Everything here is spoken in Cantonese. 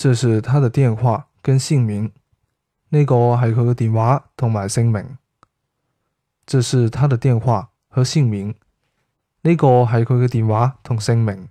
這是他的電話跟姓名，呢個係佢嘅電話同埋姓名。這是他的電話和姓名，呢個係佢嘅電話同姓名。